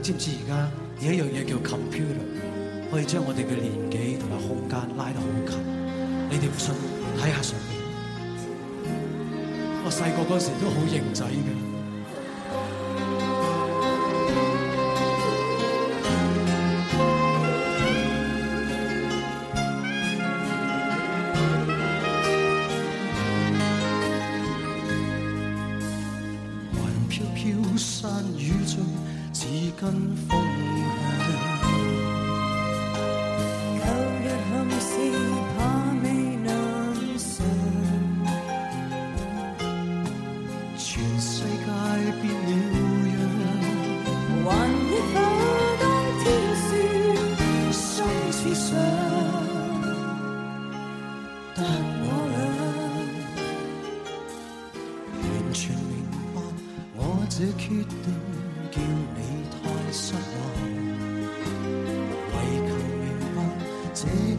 知唔知而家有一樣嘢叫 computer，可以將我哋嘅年紀同埋空間拉得好近？你哋唔信，睇下上面。我細個嗰時都好型仔嘅。